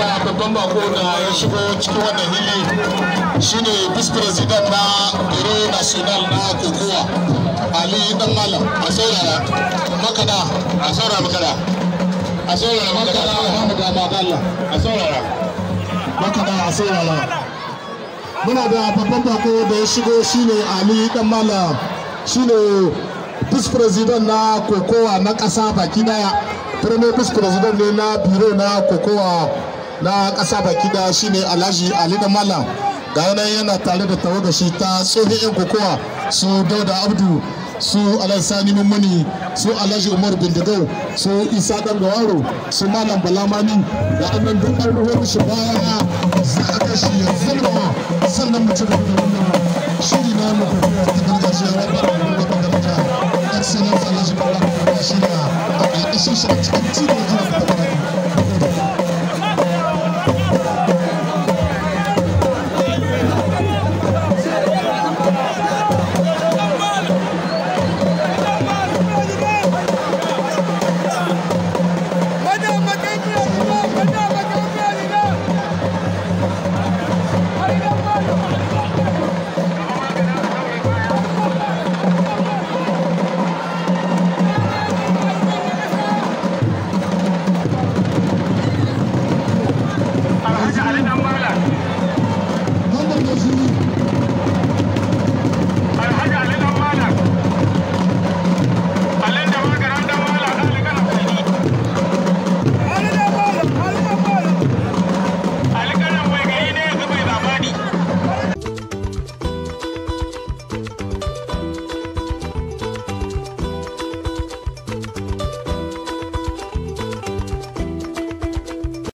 da babban bako da ya shigo cikin wannan hili shine vice president na biro national na kokowa ali dan malam a saurara makada a saurara makada a saurara makada alhamdu da madalla a saurara makada a saurara muna da babban bako da ya shigo shine ali dan malam shine vice president na kokowa na kasa baki daya premier vice president ne na biro na kokowa na ƙasa baki da ne alhaji ali da malam ga yanayi yana tare da tawaga shi ta tsohi yan kokowa su dauda abdu su alhaji sani mummuni su alhaji umar bindigau su isa dan gawaro su malam balamani da annan duk ɗaruwar shi baya za a kashi ya zama sannan mu ci gaba da wannan shiri na mu ta gargajiya na ɓarin da ɓangaren ta excellence alhaji balamani shi ne a ƙarƙashin shi a cikin jirgin